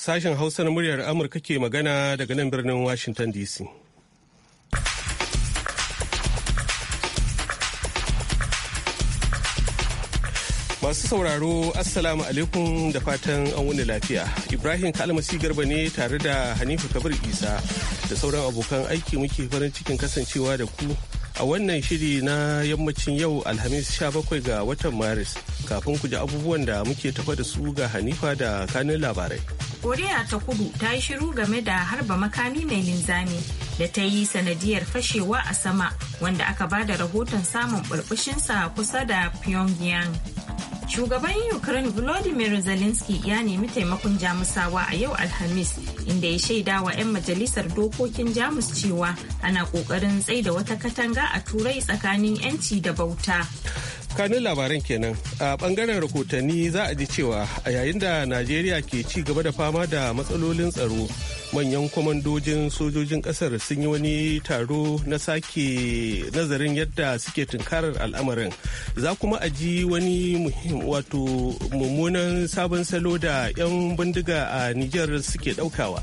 Sashen Hausa na muryar Amurka ke magana daga nan birnin Washington DC. Masu sauraro, Assalamu alaikum da fatan an wuni lafiya. Ibrahim Kalmasi Garba ne tare da Hanifu Kabir Isa da sauran abokan aiki muke farin cikin kasancewa da ku a wannan shiri na yammacin yau alhamis 17 ga watan maris kafin ku ji abubuwan da muke tafa da su ga hanifa da kanin labarai koriya ta kudu ta yi shiru game da harba makami mai linzami da ta yi sanadiyar fashewa a sama wanda aka ba da rahoton samun burbushinsa kusa da pyongyang Shugaban Ukraine Volodymyr Zelensky ya nemi taimakon Jamusawa a yau Alhamis inda ya shaida wa 'yan majalisar dokokin Jamus cewa ana kokarin tsaida wata katanga a turai tsakanin 'yanci da bauta. kanin labaran kenan a bangaren rahotanni za a ji cewa a yayin da najeriya ke ci gaba da fama da matsalolin tsaro manyan kwamandojin sojojin kasar sun yi wani taro na sake nazarin yadda suke tunkarar al'amarin za kuma a ji wani wato mummunan sabon salo da 'yan bindiga a niger suke daukawa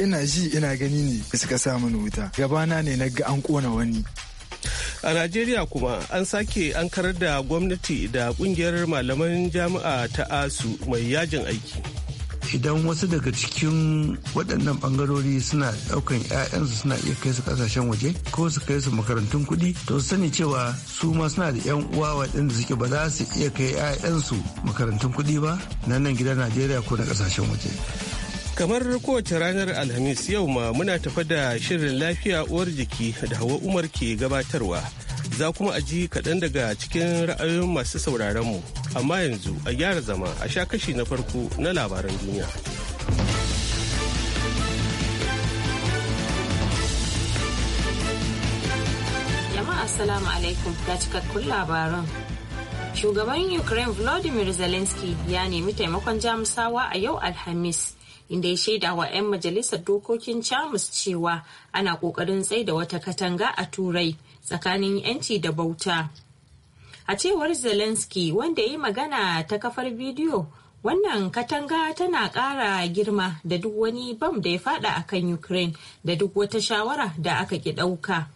ina ji ina gani ne suka sa wuta gabana ne na ga an kona wani A Najeriya kuma an sake an karar da gwamnati da kungiyar malaman jami'a ta ASU mai yajin aiki. Idan wasu daga cikin waɗannan bangarori suna ɗaukan 'ya'yansu suna iya kai su ƙasashen waje ko su kai su makarantun kuɗi to su sani cewa su ma suna da 'yan uwa waɗanda suke ba za su iya kai 'ya'yansu makarantun kuɗi ba na nan gidan Najeriya ko na kasashen waje. kamar kowace ranar alhamis yau ma muna tafa da shirin lafiya uwar jiki da hawa umar ke gabatarwa za kuma a ji kaɗan daga cikin ra'ayoyin masu mu amma yanzu a gyara zama a sha kashi na farko na labaran duniya jama'a assalamu alaikum ga cikakkun labaran shugaban ukraine volodymyr zelensky ya nemi taimakon jamusawa a yau alhamis inda ya shaida wa 'yan majalisar dokokin Chamus cewa ana ƙoƙarin tsaida wata katanga a Turai tsakanin 'yanci da bauta. A cewar Zelensky wanda ya yi magana ta kafar bidiyo wannan katanga tana ƙara girma da duk wani bam da ya fada a kan Ukraine da duk wata shawara da aka ki ɗauka.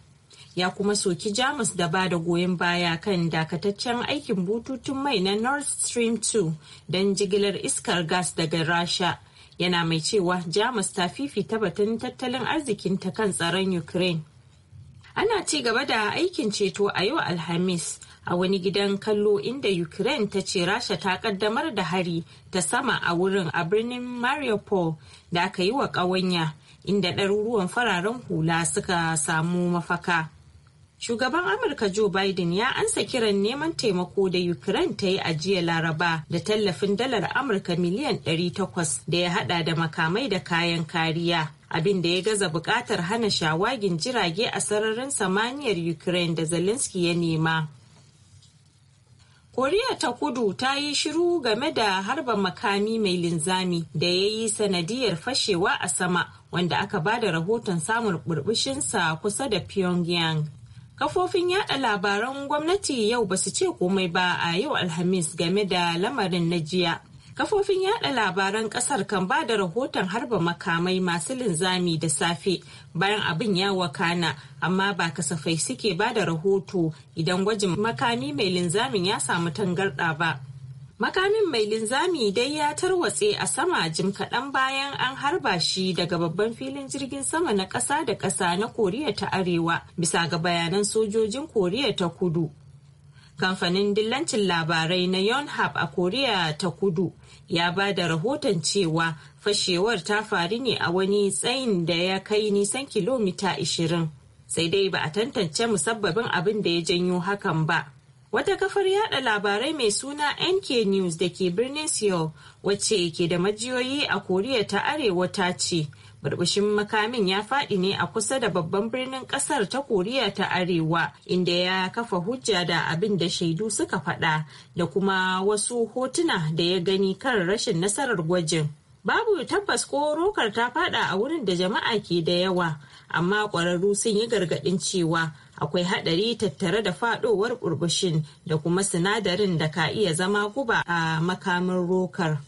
Ya kuma soki Jamus da ba da goyon baya kan dakataccen aikin bututun mai na Nord Stream 2 don jigilar iskar gas daga Rasha. yana mai cewa jamus ta fifita batun tattalin arzikin ta kan tsaron ukraine ana ci gaba da aikin ceto a yau alhamis a wani gidan kallo inda ukraine ta ce rasha ta kaddamar da hari ta sama a wurin a birnin mariupol da aka yi wa ƙawanya inda ɗaruruwan fararen hula suka samu mafaka Shugaban Amurka Joe Biden ya ansa kiran neman taimako da Ukraine ta yi a jiya Laraba da tallafin dalar Amurka miliyan 800 da ya hada da makamai da kayan kariya. abin da ya gaza bukatar hana shawagin jirage a sararin samaniyar Ukraine da Zelensky ya nema. koriya ta kudu ta yi shiru game da harba makami mai linzami da ya yi sanadiyar fashewa a sama wanda aka ba da rahoton samun burbushinsa kusa da pyongyang Kafofin yada labaran gwamnati yau basu ce komai ba a yau Alhamis game da lamarin na jiya. Kafofin yada labaran kasar kan ba da rahoton harba makamai masu linzami da safe bayan abin ya wakana amma ba kasafai suke ba da rahoto idan gwajin makami mai linzamin ya samu tangarɗa ba. Makamin mai linzami dai ya tarwatse a sama jim kaɗan bayan an harba shi daga babban filin jirgin sama na ƙasa da ƙasa na Koriya ta Arewa bisa ga bayanan sojojin Koriya ta Kudu. Kamfanin dillancin labarai na Yonhap a Koriya ta Kudu ya ba da rahoton cewa fashewar ta faru ne a wani tsayin da ya kai nisan kilomita 20. Sai dai ba a tantance musabbabin abin da ya janyo hakan ba. Wata kafar yada labarai mai suna NK News da ke birnin Seoul wacce ke da majiyoyi a Koriya ta Arewa ta ce burbushin makamin ya faɗi ne a kusa da babban birnin ƙasar ta Koriya ta Arewa inda ya kafa hujja da abin da shaidu suka faɗa da kuma wasu hotuna da ya gani kan rashin nasarar gwajin. Babu tabbas ko rokar ta faɗa a wurin da jama'a ke da yawa amma ƙwararru sun yi gargaɗin cewa akwai haɗari tattare da faɗowar burbushin da kuma sinadarin da ka iya zama guba a makamin rokar.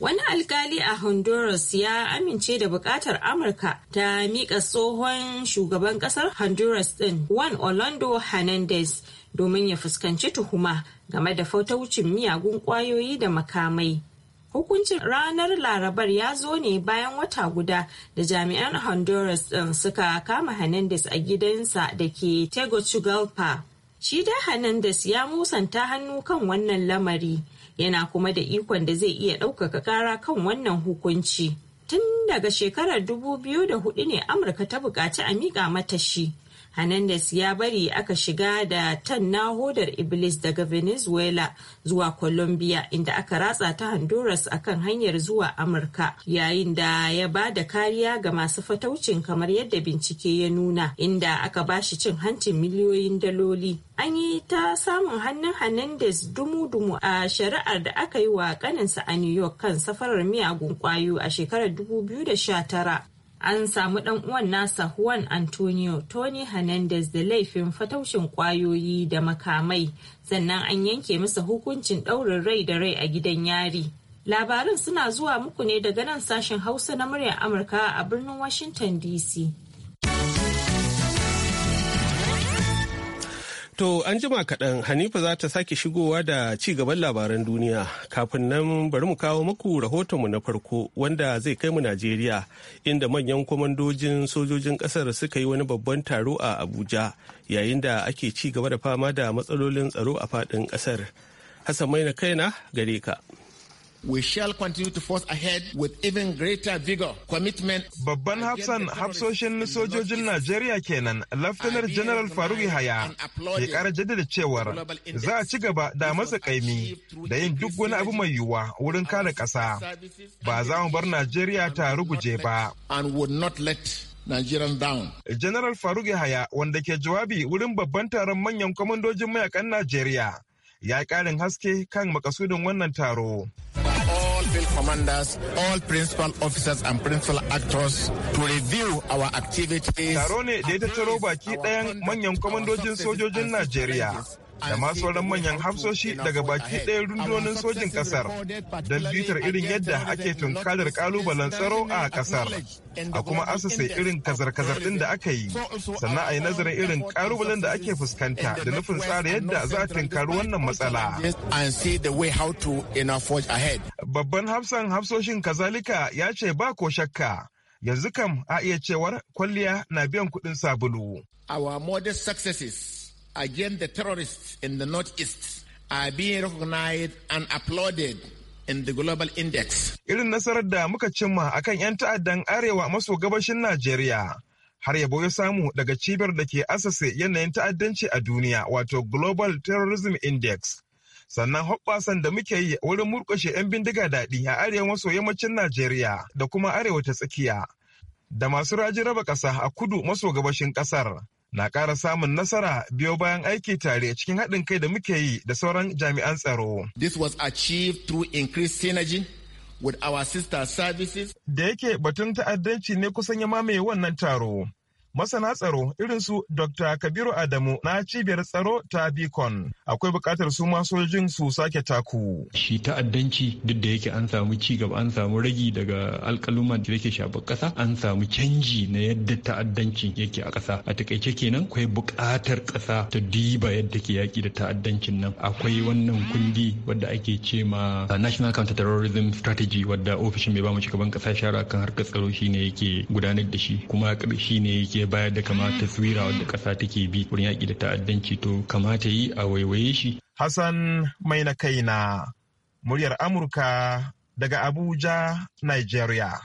Wani alkali a Honduras ya amince da bukatar Amurka ta miƙa tsohon shugaban ƙasar Honduras ɗin Juan Orlando Hernandez domin ya fuskanci tuhuma game da fautaucin miyagun ƙwayoyi da makamai. Hukuncin ranar Larabar ya zo ne bayan wata guda da jami'an Honduras ɗin um, suka kama Hernandez a gidansa da ke Tegucigalpa. Shi da Hernandez ya musanta hannu kan wannan lamari, yana kuma da ikon da zai iya ɗaukaka ƙara kan wannan hukunci. Tun daga shekarar 2004 ne Amurka ta buƙaci a miƙa mata shi. Hernandez ya bari aka shiga da tan nahodar Iblis daga Venezuela zuwa Colombia inda aka ratsa ta Honduras akan hanyar zuwa Amurka yayin da ya ba da kariya ga masu fataucin kamar yadda bincike ya nuna inda aka ba shi cin hancin miliyoyin daloli. An yi ta samun hannun Hernandez dumu-dumu a shari'ar da aka yi wa kaninsa a New York kan safarar miyagun kwayo a shekarar 2019. an samu dan uwan nasa Juan Antonio Tony Hernandez da laifin fataushin kwayoyi da makamai sannan an yanke masa hukuncin ɗaurin rai da rai a gidan yari. Labarin suna zuwa muku ne daga nan sashen Hausa na muryar Amurka a birnin Washington DC. To an jima kaɗan Hanifa za ta sake shigowa da ci gaban labaran duniya kafin nan bari mu kawo muku rahotonmu na farko wanda zai kai mu Najeriya inda manyan kwamandojin sojojin ƙasar suka yi wani babban taro a Abuja yayin da ake ci gaba da fama da matsalolin tsaro a faɗin ƙasar. Hassan Maina kaina gare ka. we shall continue to force ahead with even greater vigor, commitment. Babban hafsan hafsoshin sojojin Najeriya kenan, Laftanar General Faruk Yahaya ke kara jaddada cewar za a ci gaba da masa kaimi da yin duk wani abu mai yiwuwa wurin kare ƙasa. Ba za mu bar Najeriya ta ruguje ba. And would not let Nigerian down. General Faruk Yahaya wanda ke jawabi wurin babban taron manyan kwamandojin mayakan Najeriya ya ƙarin haske kan makasudin wannan taro. field commanders, all principal officers and principal actors to review our activities. Taro ne da ya tattaro baki ɗayan manyan kwamandojin sojojin Najeriya da ma sauran manyan hafsoshi daga baki ɗaya rundunonin sojin ƙasar don bitar irin yadda ake tunkarar kalubalen tsaro a ƙasar a kuma asasa irin kazar-kazar ɗin da aka yi sannan a yi nazarin irin kalubalen da ake fuskanta da nufin tsara yadda za a tunkari wannan matsala. Babban hafsan hafsoshin kazalika ya ce ba ko shakka. Yanzu kam a iya cewar kwalliya na biyan kuɗin sabulu. Our modest successes against the terrorists in the Northeast are being recognized and applauded in the global index. Irin nasarar da muka cimma a kan 'yan ta'addan arewa maso gabashin Najeriya har yabo ya samu daga cibiyar da ke asase yanayin ta'addanci a duniya wato Global Terrorism Index. Sannan hoɓɓasan da muke yi wurin murƙushe 'yan bindiga daɗi a arewa maso yammacin Najeriya da kuma arewa ta tsakiya. Da masu raji raba ƙasa a kudu maso gabashin ƙasar. na ƙara samun nasara biyo bayan aiki tare cikin haɗin kai da muke yi da sauran jami'an tsaro. This was achieved through increased synergy with our sister services. Da yake batun ta'addanci ne kusan ya mamaye wannan taro. masana tsaro irin su Dr. Kabiru Adamu na cibiyar tsaro ta Bikon, Akwai bukatar su masu sojojin su sake taku. Shi ta'addanci duk da yake an samu ci gaba an samu ragi daga alkaluma da yake shafar ƙasa an samu canji na yadda ta'addanci yake a ƙasa. A takaice kenan akwai bukatar ƙasa ta diba yadda ke yaƙi da ta'addancin nan. Akwai wannan kundi wadda ake ce ma uh, National Counter Terrorism Strategy wadda ofishin mai mu shugaban ƙasa shara kan harkar tsaro shine yake gudanar da shi kuma shi ne yake ya bayar da kama taswira wadda ƙasa take bi wurin yaƙi da ta'addanci to kamata yi a waiwaye shi. Hassan mai na kai na muryar Amurka daga Abuja, Nigeria.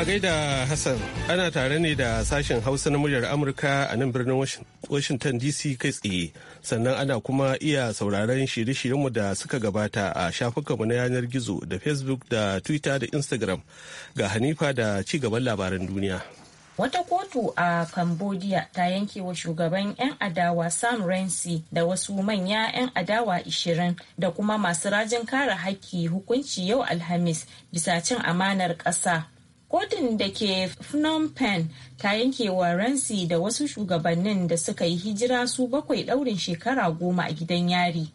a gaida Hassan ana tare ne da sashen Hausa na muryar Amurka a nan birnin Washington DC kai tsaye sannan ana kuma iya sauraron shirye-shiryenmu da suka gabata a shafukanmu na yanar gizo da Facebook da Twitter da Instagram ga Hanifa da ci gaban labaran duniya. Wata kotu a Cambodia ta yanke wa shugaban 'yan adawa Sam Rensi da wasu manya 'yan adawa 20 da kuma masu rajin kare haƙƙi hukunci yau Alhamis bisa cin amanar ƙasa. Kotun da ke Phnom Penh ta yanke wa Ransi da wasu shugabannin da suka yi hijira su bakwai ɗaurin shekara goma a gidan yari.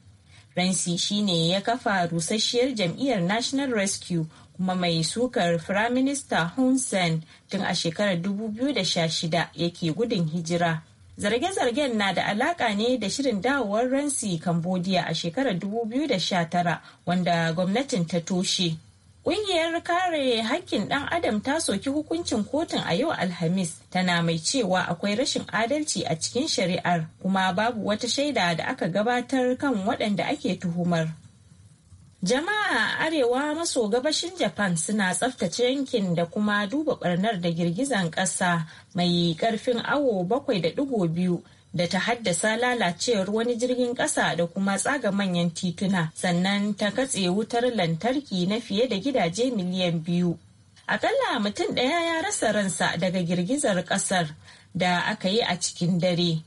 Ransi shine ya kafa rusasshiyar jam'iyyar National Rescue kuma mai sukar Firaminista Hun Sen tun a shekarar 2016 yake gudun hijira. Zarge-zargen na da alaka ne da shirin dawowar Ransi Cambodia a shekarar 2019 wanda gwamnatin ta toshe. Ƙungiyar kare haƙƙin ɗan Adam ta soki hukuncin kotun a yau Alhamis tana mai cewa akwai rashin adalci a cikin shari'ar kuma babu wata shaida da aka gabatar kan waɗanda ake tuhumar. Jama'a arewa maso gabashin Japan suna tsaftace yankin da kuma duba barnar da girgizan ƙasa mai ƙarfin awo bakwai da da ta haddasa lalacewar wani jirgin ƙasa da kuma tsaga manyan tituna sannan ta katse wutar lantarki na fiye da gidaje miliyan biyu. Akalla mutum ɗaya ya rasa ransa daga girgizar ƙasar da aka yi a cikin dare.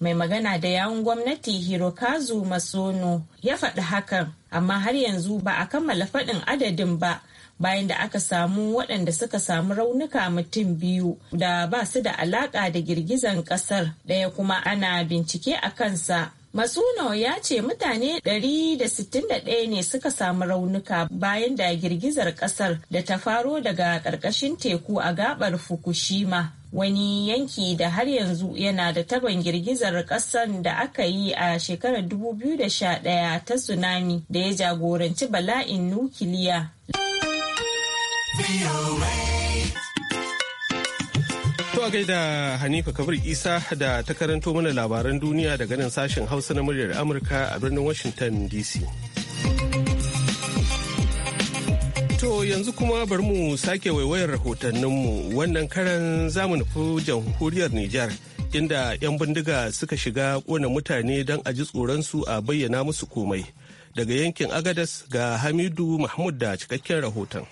Mai magana da yawun gwamnati Hirokazu Masono ya faɗi hakan, amma har yanzu ba a kammala faɗin adadin ba bayan da aka samu waɗanda suka samu raunuka mutum biyu da ba su da alaƙa da girgizan ƙasar ɗaya kuma ana bincike a kansa Matsuno ya ce mutane 161 ne suka samu raunuka bayan da girgizar ƙasar da ta faro daga ƙarƙashin teku a gabar Fukushima. Wani yanki da har yanzu yana da taban girgizar ƙasar da aka yi a shekarar 2011 ta tsunami da ya jagoranci bala'in nukiliya. To a gaida Hanifa Kabir Isa da ta karanto mana labaran duniya da ganin sashen Hausa na muryar Amurka a birnin Washington DC. To yanzu kuma bari mu sake waiwayar rahotanninmu wannan karan zamu nufi jamhuriyar Nijar inda 'yan bindiga suka shiga kona mutane don a ji tsoronsu a bayyana musu komai. Daga yankin Agadas ga Hamidu Mahmud da cikakken rahoton.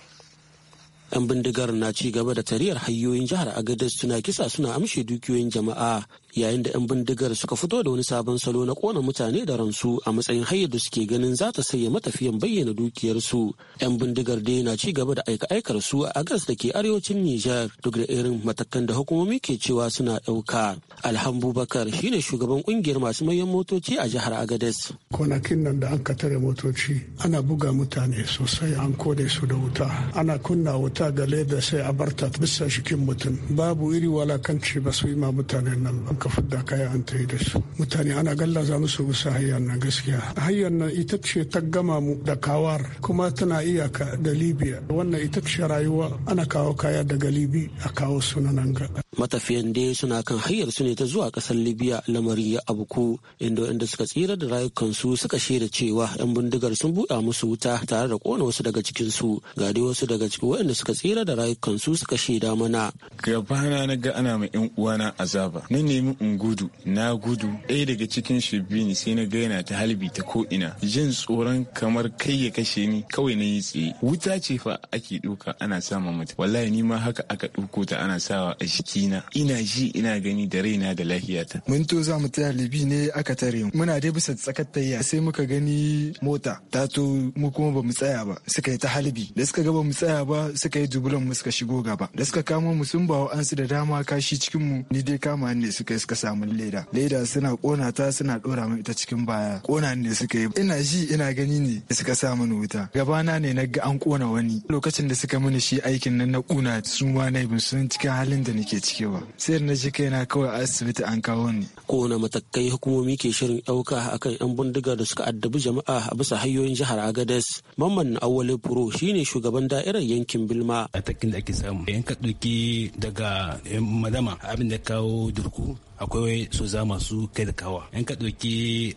'yan bindigar na ci gaba da tariyar hanyoyin jihar agadez suna kisa suna amshe dukiyoyin jama'a yayin da 'yan bindigar suka fito da wani sabon salo na kona mutane da ransu a matsayin hayar da suke ganin za ta sanya matafiyan bayyana dukiyarsu 'yan bindigar dai na ci gaba da aika-aikar su a agas da ke arewacin nijar duk da irin matakan da hukumomi ke cewa suna ɗauka alhambu bakar shine shugaban kungiyar masu manyan motoci a jihar agadez kwanakin nan da an katare motoci ana buga mutane sosai an kone su da wuta ana kunna wuta ta da sai a barta ta bisa shikin mutum babu iri walakanci ba su yi ma mutanen nan ba ka fudda kaya an ta yi da su mutane ana gallaza musu sa hayan nan gaskiya hayan nan ita ce ta gama mu da kawar kuma tana iyaka da libya wannan ita ce rayuwa ana kawo kaya daga libi a kawo su nan ga matafiyan dai suna kan hayar su ne ta zuwa kasar libya lamari ya abuku inda inda suka tsira da rayukansu suka shaida cewa 'yan bindigar sun buɗa musu wuta tare da kona wasu daga cikinsu ga dai wasu daga cikin waɗanda suka tsira da rayukansu suka shaida mana. Gabana na ga ana ma 'yan uwana azaba. Na nemi in gudu, na gudu. Ɗaya daga cikin ne sai na ga yana ta halbi ta ko ina. Jin tsoron kamar kai ya kashe ni kawai na yi tsaye. Wuta ce fa ake ɗauka ana sama mata. Wallahi ni ma haka aka ɗauko ta ana sawa a jikina. Ina ji ina gani da raina da lafiyata. Mun to za mu taya ne aka tare mu. Muna dai bisa tsakar tayya sai muka gani mota ta to mu kuma ba mu tsaya ba. Suka yi ta halbi. Da suka ga ba mu tsaya ba suka kai jubulan mu suka shigo gaba da suka kamo mu sun bawa an su da dama kashi cikin mu ni dai kama ne suka suka samu leda leda suna kona ta suna dora mu ita cikin baya kona ne suka yi ina ji ina gani ne suka sa wuta gabana ne na ga an kona wani lokacin da suka mini shi aikin nan na kuna su ma na sun cikin halin da nake ciki ba sai na ji kaina kawai asibiti an kawo ni kona matakai hukumomi ke shirin ɗauka akan yan bindiga da suka addabi jama'a a bisa hanyoyin jihar agadez mamman awale furo shine shugaban da'irar yankin bilma ma a takin da ake samu Yan ka ɗauki daga eh, madama abin da kawo durku akwai soza masu kai da kawa Yan ka ɗauki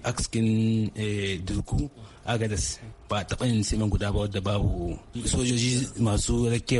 askin eh, durku agadas ba a taɓa yin siman guda ba wadda babu sojoji masu rake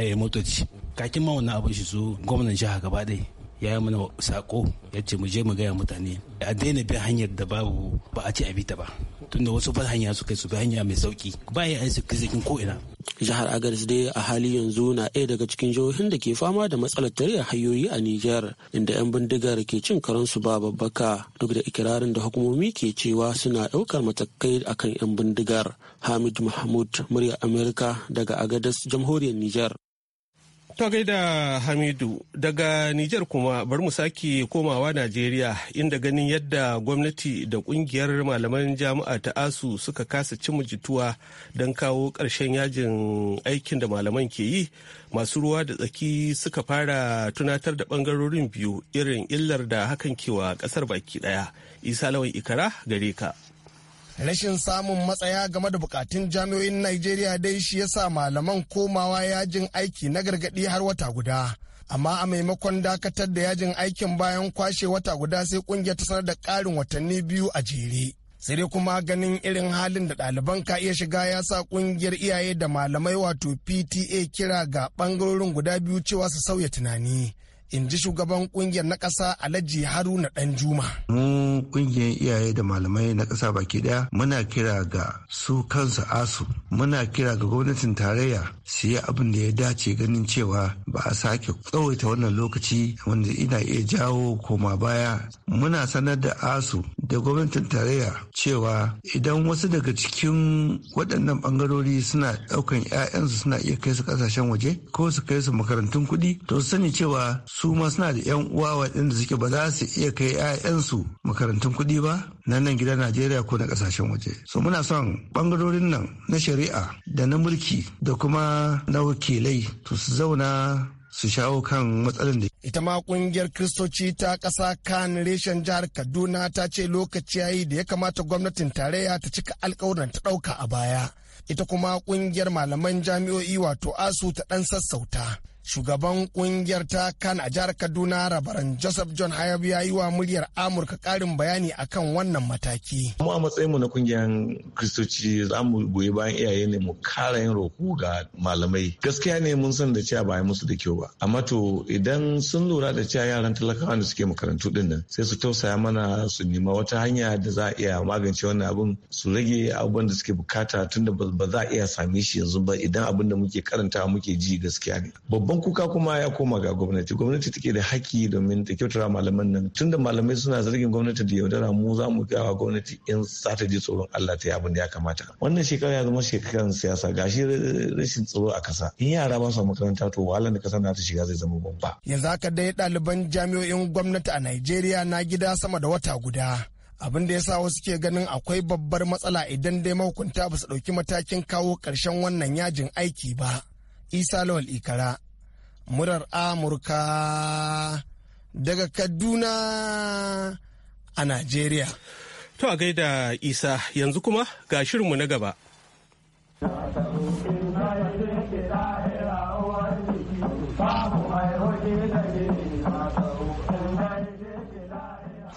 eh, motoci kakin ma wannan abin shi su gwamnan jiha gaba ɗaya ya yi mana sako ya ce mu je mu gaya mutane a daina bin hanyar da babu ba a ce a bi ta ba tunda wasu ba hanya su kai su bi hanya mai sauki ba ya aiki kizikin ko ina jihar agadez dai a hali yanzu na ɗaya daga cikin jihohin da ke fama da matsalar tarayyar hanyoyi a niger inda 'yan bindigar ke cin su ba babbaka duk da ikirarin da hukumomi ke cewa suna ɗaukar matakai akan 'yan bindigar hamid mahmud murya amerika daga agadez jamhuriyar niger To gaida Hamidu daga Nijar kuma bari mu sake komawa Najeriya inda ganin yadda gwamnati da kungiyar malaman jami'a ta ASU suka kasa cin jituwa don kawo ƙarshen yajin aikin da malaman ke yi masu ruwa da tsaki suka fara tunatar da bangarorin biyu irin illar da hakan kewa ƙasar baki ɗaya. Isa Lawan Ikara gare ka. rashin samun matsaya game da bukatun jami'o'in Najeriya dai shi ya sa malaman komawa yajin aiki na gargadi har wata guda. Amma a maimakon dakatar da yajin aikin bayan kwashe wata guda sai kungiyar ta sanar da karin watanni biyu a jere. Sai dai kuma ganin irin halin da ɗaliban ka iya shiga ya sa kungiyar iyaye da malamai wato PTA kira ga ɓangarorin guda biyu cewa su sauya tunani. in ji shugaban kungiyar na ƙasa alhaji haruna dan juma mu kungiyar iyaye da malamai na ƙasa baki daya muna kira ga su kansu asu muna kira ga gwamnatin tarayya su yi abin da ya dace ganin cewa ba a sake tsawaita wannan lokaci wanda ina iya jawo koma baya muna sanar da asu da gwamnatin tarayya cewa idan wasu daga cikin waɗannan bangarori suna ɗaukan 'ya'yansu suna iya kai su ƙasashen waje ko su kai su makarantun kuɗi to sani cewa su ma suna da 'yan uwa waɗanda suke ba za su iya kai 'ya'yansu makarantun kuɗi ba na nan gidan Najeriya ko na ƙasashen waje. So muna son ɓangarorin nan na shari'a da na mulki da kuma na wakilai to su zauna su shawo kan matsalin da ita ma kungiyar kristoci ta ƙasa kan reshen jihar kaduna ta ce lokaci yayi da ya kamata gwamnatin tarayya ta cika alkawuran ta ɗauka a baya ita kuma kungiyar malaman jami'o'i wato asu ta ɗan sassauta shugaban kungiyar ta kan a jihar kaduna rabaran joseph john hayab ya yi wa muryar amurka karin bayani akan wannan mataki mu a matsayin mu na kungiyar kristoci za mu goyi bayan iyaye ne mu kara yin roko ga malamai gaskiya ne mun san da cewa ba musu da kyau ba amma to idan sun lura da cewa yaran talakawa da suke makarantu din nan sai su tausaya mana su nema wata hanya da za a iya magance wannan abin su rage abubuwan da suke bukata tunda ba za a iya same shi yanzu ba idan abin da muke karanta muke ji gaskiya ne babban babban kuka kuma ya koma ga gwamnati gwamnati take da haƙƙi domin ta kyautata malaman nan tunda malamai suna zargin gwamnati da yaudara mu za mu gawa gwamnati in za ta ji tsoron Allah ta yi abin da ya kamata wannan shekara ya zama shekaran siyasa gashi rashin tsoro a kasa in yara ba su makaranta to wahalar da kasa na ta shiga zai zama babba yanzu haka dai daliban jami'o'in gwamnati a Najeriya na gida sama da wata guda abin da ya sa wasu ke ganin akwai babbar matsala idan dai mahukunta ba su ɗauki matakin kawo ƙarshen wannan yajin aiki ba. Isa Lawal Ikara, murar Amurka daga Kaduna a Najeriya. To a gaida Isa yanzu kuma ga shirinmu na gaba.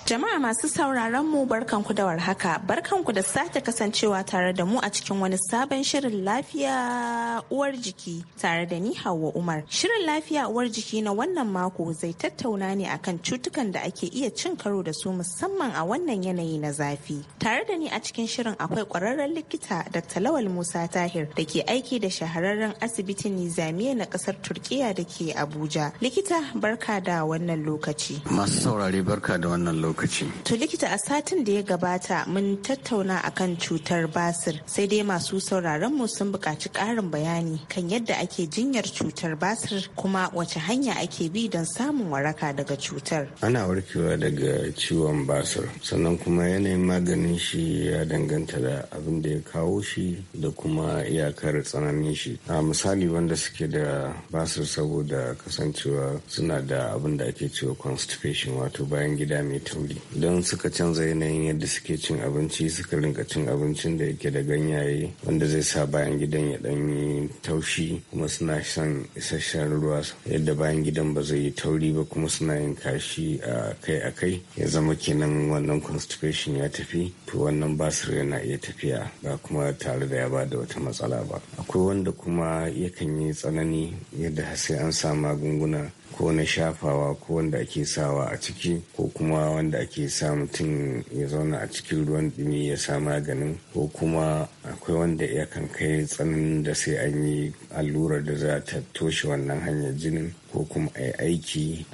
Jama'a masu sauraron mu barkanku da warhaka, barkanku da sake kasancewa tare da mu a cikin wani sabon shirin lafiya uwar jiki tare da ni Hauwa Umar. Shirin lafiya uwar jiki na wannan mako zai tattauna ne akan cutukan da ake iya cin karo da su musamman a wannan yanayi na zafi. Tare da ni a cikin shirin akwai kwararren likita Dr. Lawal Musa Tahir da ke aiki da shahararren asibitin Nizamiya na kasar Turkiya da ke Abuja. Likita barka da wannan lokaci. Masu saurare barka da wannan lokaci. lokaci. To likita a satin da ya gabata mun tattauna akan cutar basir sai dai masu sauraron mu sun buƙaci ƙarin bayani kan yadda ake jinyar cutar basir kuma wace hanya ake bi don samun waraka daga cutar. Ana warkewa daga ciwon basir sannan kuma yanayin maganin shi ya danganta da abin da ya kawo shi da kuma iyakar tsananin shi. A misali wanda suke da basir saboda kasancewa suna da abin da ake cewa constipation wato bayan gida mai tauri. wuri don suka canza yanayin yadda suke cin abinci suka rinka cin abincin da yake da ganyaye wanda zai sa bayan gidan ya dan yi taushi kuma suna son isasshen ruwa yadda bayan gidan ba zai yi tauri ba kuma suna yin kashi a kai a kai ya zama kenan wannan constipation ya tafi to wannan basir yana iya tafiya ba kuma tare da ya ba da wata matsala ba akwai wanda kuma yakan yi tsanani yadda sai an sa magunguna ko na shafawa ko wanda ake sawa a ciki ko kuma wanda ake sa mutum ya zauna a cikin ruwan dumi ya sa maganin ko kuma akwai wanda ya kan kai tsananin da sai an yi allurar da za ta toshe wannan hanyar jinin ko kuma a yi aiki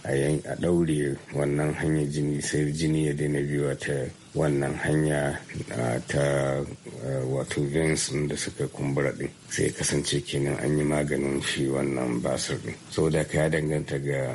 a ɗaure wannan hanyar jini sai jini ya daina biyuwa ta wannan hanya ta Eh, wato veins da suka kumbura ɗin, sai kasance kenan an yi maganin shi wannan basir din saboda ka ya danganta ga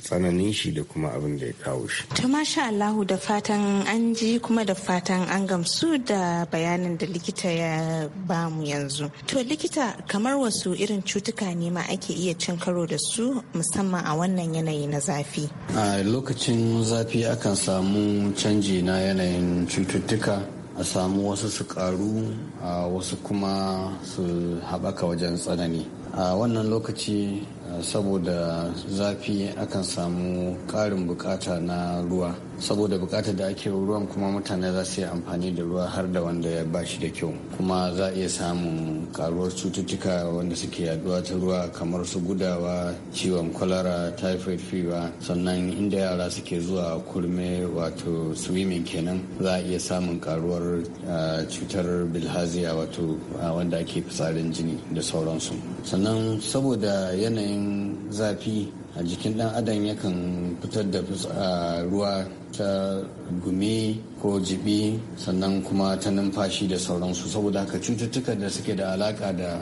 tsananin shi da kuma abin da ya kawo shi. To masha Allahu da fatan an ji kuma da fatan an gamsu da bayanin da likita ya bamu yanzu. To likita kamar wasu irin cutuka ne ma ake iya cin karo da su musamman a wannan yanayi na zafi. A lokacin zafi akan samu canji na yanayin cututtuka a samu wasu su karu a wasu kuma su haɓaka wajen tsanani a wannan lokaci saboda zafi akan samu ƙarin bukata na ruwa saboda bukatar da ake ruwan kuma mutane za su yi amfani da ruwa har da wanda ya ba shi da kyau kuma za a iya samun karuwar cututtuka wanda suke yaduwa ta ruwa kamar su gudawa ciwon kwalara typhoid fever sannan inda yara suke zuwa kurme wato swimming kenan za a iya samun karuwar ah, cutar bilhaziya wato ah, wanda ake fitsarin jini da sauransu sannan saboda yanayin zafi a jikin dan adam yakan fitar da ah, ruwa ta gumi ko jibi sannan kuma ta numfashi da sauransu saboda haka cututtukan da suke da alaka da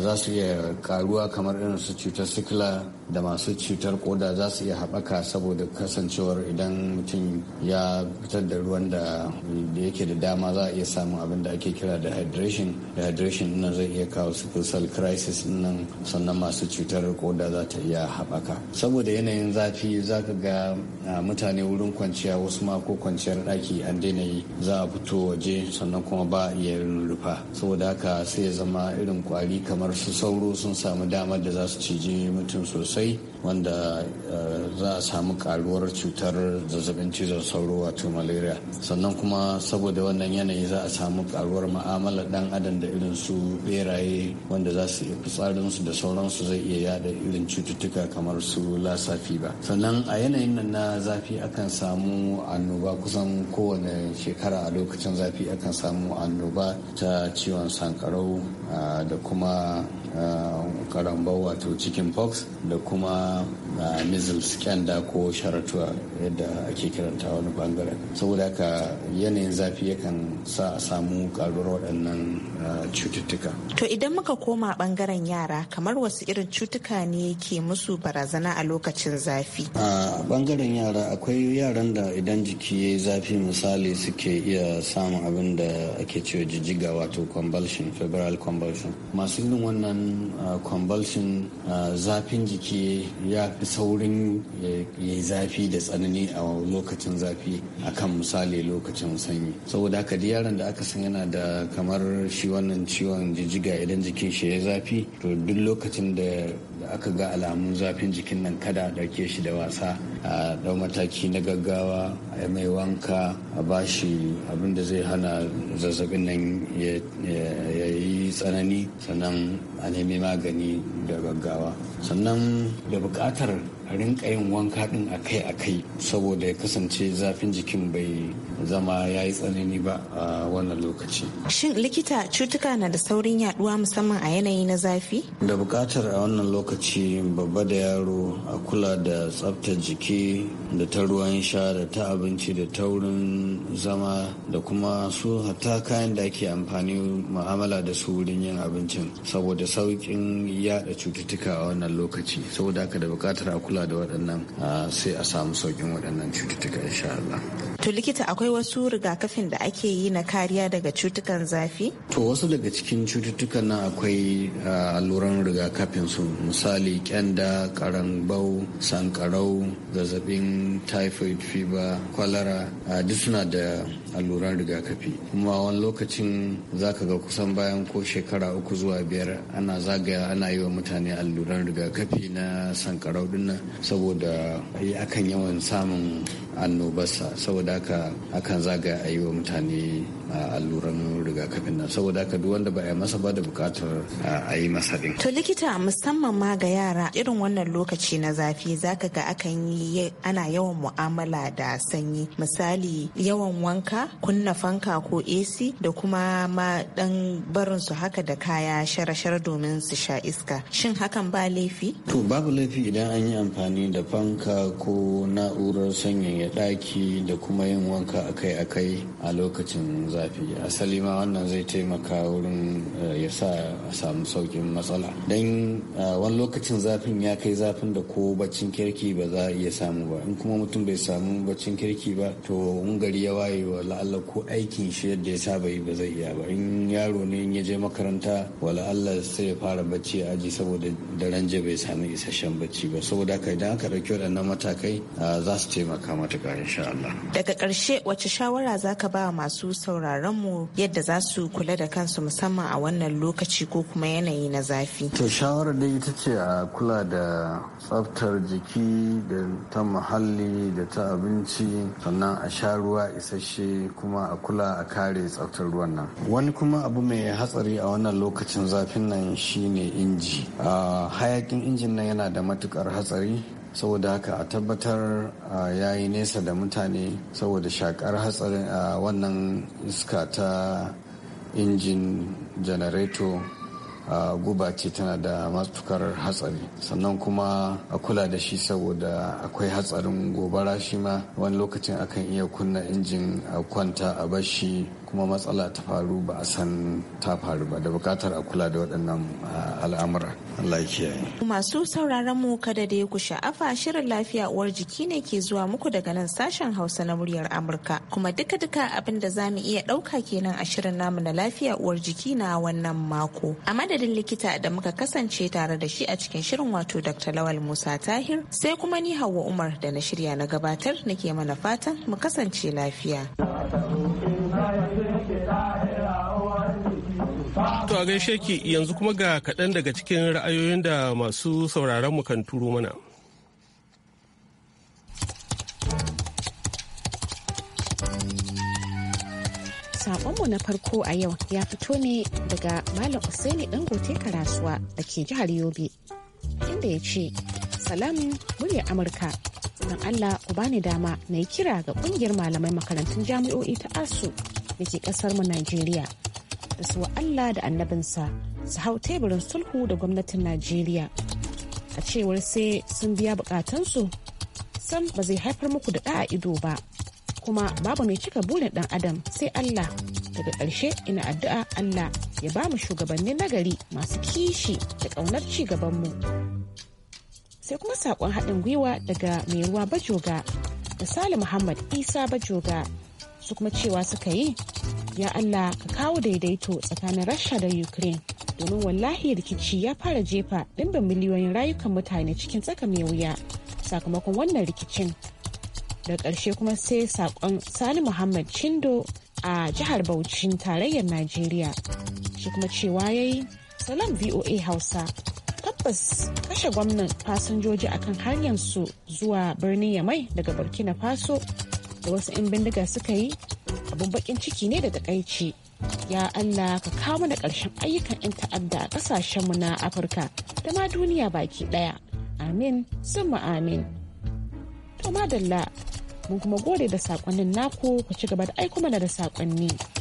za su iya karuwa kamar irin su cutar sikila da masu cutar koda za su iya haɓaka saboda kasancewar idan mutum ya fitar da ruwan da yake da dama za a iya samu abin da ake kira da hydration hydration nan zai iya kawo sickle cell crisis nan sannan masu cutar koda za ta iya haɓaka saboda yanayin zafi za ka ga mutane wurin kwanciya kwanciya wasu ma ko kwanciyar ɗaki an daina yi za a fito waje sannan kuma ba iya rufa saboda haka sai ya zama irin kwari kamar su sauro sun samu damar da za su cije mutum sosai wanda eh, za a samu karuwar cutar zazzabin cizon sauro wato malaria sannan kuma saboda wannan yanayi za a samu karuwar ma'amala dan adam da irin su beraye wanda za su fitsarin su da sauransu zai iya yada irin cututtuka kamar su lasafi ba sannan a yanayin nan na zafi akan samu annoba kusan kowane shekara a lokacin zafi akan samu annoba ta ciwon sankarau eh, da kuma Uh, karambau wato chicken pox da kuma uh, measles kyanda ko sharatuwa yadda ake kiranta wani bangare saboda haka yanayin zafi yakan sa a samu karuwar waɗannan uh, cututtuka to idan muka koma bangaren yara kamar wasu irin cutuka ne ke musu barazana a lokacin zafi a bangaren yara akwai yaran da idan jiki ya zafi misali suke iya samun abin da ake cewa jijiga wato convulsion febrile convulsion masu irin wannan Uh, convulsion uh, zafin jiki ya fi saurin ya yi zafi da tsanani a lokacin zafi a kan misali lokacin sanyi saboda haka duk yaron da aka san yana da kamar shi wannan ciwon jijjiga idan jikin shi ya zafi to duk lokacin da aka ga alamun zafin jikin nan kada a ɗauke shi da wasa a dau mataki na gaggawa a mai wanka a ba shi abin da zai hana zazzabin nan ya yi tsanani sannan a nemi magani da gaggawa sannan da bukatar rinƙa rinka yin wanka ɗin akai-akai saboda ya kasance zafin jikin bai zama ya yi tsanani ba a wannan lokaci. Shin likita cutuka na da saurin yaduwa musamman a yanayi na zafi? Da bukatar a wannan lokaci babba da yaro a kula da tsaftar jiki da ta ruwan sha da ta abinci da ta wurin zama da kuma su hatta kayan da ake amfani mu'amala da su wurin yin abincin saboda sauƙin yada cututtuka a wannan lokaci saboda haka da bukatar a kula da waɗannan sai a samu sauƙin waɗannan cututtuka insha Allah. To likita akwai wasu rigakafin da ake yi na kariya daga cutukan zafi? To wasu daga cikin cututtukan na akwai alluran rigakafin su misali kyanda, karambau sankarau, zazzabin typhoid fever, kwalara duk suna da alluran rigakafi kuma wani lokacin za ka ga kusan bayan ko shekara uku zuwa biyar ana zagaya ana yi wa mutane alluran rigakafi na sankarau dinnan saboda akan yawan samun annobarsa saboda haka akan zagaya a yi wa mutane A alluran rigakafin nan saboda haka duk wanda ba a masa ba da bukatar a yi masa din. To likita musamman ma ga yara irin wannan lokaci na zafi zaka ga akan yi ana yawan mu'amala da sanyi misali yawan wanka kunna fanka ko AC da kuma ma dan barin su haka da kaya shara-shara domin su sha iska shin hakan ba laifi? To babu laifi idan an yi amfani da fanka ko na'urar sanyaya ɗaki da kuma yin wanka akai-akai a lokacin zafi. zafi asali ma wannan zai taimaka wurin eh, ya sa a samu saukin matsala don eh, wani lokacin zafin ya kai zafin da ko baccin kirki ba za a iya samu ba in kuma mutum bai samu baccin kirki ba to in ya waye wa la'alla ko aikin shi yadda ya saba yi ba zai iya ba in yaro ne in ya je makaranta wa la'alla sai ya fara bacci a aji saboda daren je bai samu isasshen bacci ba saboda haka idan aka ɗauki waɗannan matakai eh, za su taimaka matuƙa insha Allah daga ƙarshe wace shawara za ka ba masu saura. mu yadda za su kula da kansu musamman a wannan lokaci ko kuma yanayi na zafi. To shawarar da ita ce a kula da tsaftar jiki da ta muhalli da ta abinci sannan a sha ruwa isasshe kuma a kula a kare tsaftar ruwan nan. Wani kuma abu mai hatsari a wannan lokacin zafin nan shine inji. Ah, hayakin injin nan yana da matukar hatsari saboda haka a tabbatar ya yi nesa da mutane saboda shakar hatsarin a wannan iska ta injin janareto guba ce tana da matukar hatsari sannan kuma a kula da shi saboda akwai hatsarin gobara shi ma wani lokacin akan iya kunna injin a kwanta a bashi kuma matsala ta faru ba a san ta faru ba da bukatar a kula da waɗannan al'amura Allah kiyaye. Masu sauraron mu kada da ya ku sha'afa shirin lafiya uwar jiki ne ke zuwa muku daga nan sashen Hausa na muryar Amurka kuma duka-duka abin da za mu iya ɗauka kenan a shirin namu na lafiya uwar jiki na wannan mako. A madadin likita da muka kasance tare da shi a cikin shirin wato Dr. Lawal Musa Tahir sai kuma ni Hauwa Umar da na shirya na gabatar nake mana fatan mu kasance lafiya. To a gaishe ki yanzu kuma ga kaɗan daga cikin ra'ayoyin da masu sauraron mu kan turo mana. Saƙonmu na farko a yau ya fito ne daga Malam Usaini Dangote Karasuwa da ke jihar Yobe, inda ya ce, Salam murya Amurka don Allah ku bani dama na yi kira ga kungiyar malamai makarantun jami'o'i ta ASU da ke kasar mu Najeriya da su Allah da annabinsa su hau teburin sulhu da gwamnatin Najeriya. A cewar sai sun biya bukatansu sam ba zai haifar muku da da'a ido ba kuma babu mai cika burin dan adam sai Allah daga ƙarshe ina addu'a Allah ya ba mu shugabanni nagari masu kishi da ƙaunar ci gabanmu. mu. sai kuma saƙon haɗin gwiwa daga mai ruwa bajoga da sali muhammad isa bajoga su kuma cewa suka yi ya allah ka kawo daidaito tsakanin rasha da ukraine domin wallahi rikici ya fara jefa ɗimbin miliyoyin rayukan mutane cikin tsaka mai wuya sakamakon wannan rikicin da ƙarshe kuma sai saƙon sali muhammad chindo a jihar bauchi tarayyar Najeriya. Shi kuma cewa ya yi, Salam VOA Hausa, tabbas kashe gwamnan fasinjoji akan hanyar su zuwa birnin yamai daga burkina faso da wasu 'yan bindiga suka yi abin bakin ciki ne da takaici ya allah ka kawo da ƙarshen ayyukan 'yan ta'adda a ƙasashenmu na afirka da ma duniya baki ɗaya amin summa amin to madalla mun kuma gode da saƙonnin naku ku ci gaba da aiko mana da saƙonni.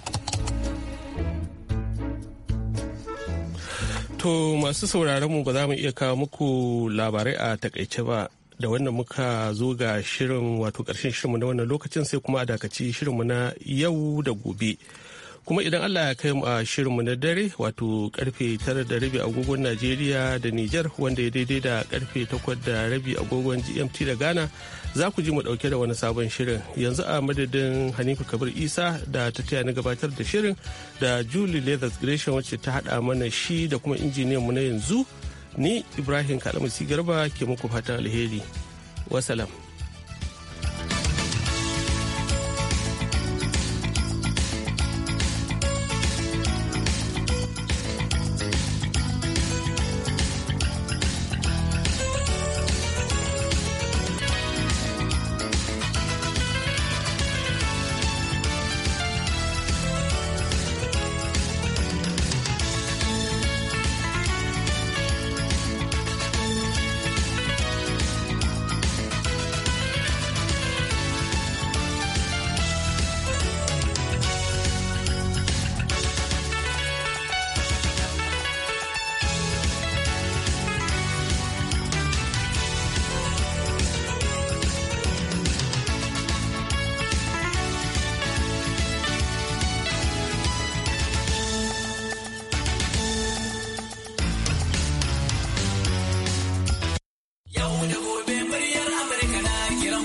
To masu sauraron mu ba za mu iya kawo muku labarai a takaice ba da wannan muka zo ga shirin wato ƙarshen mu na wannan lokacin sai kuma a dakaci mu na yau da gobe. kuma idan Allah ya kai mu a shirin mu na dare wato karfe tara da rabi agogon Najeriya da Nijar wanda ya daidai da karfe takwas da rabi agogon GMT da Ghana za ku ji mu dauke da wani sabon shirin yanzu a madadin Hanifa Kabir Isa da ta taya ni gabatar da shirin da Julie Leathers Gresham wacce ta hada mana shi da kuma injiniyan mu na yanzu ni Ibrahim Kalamusi Garba ke muku fatan alheri wasalam.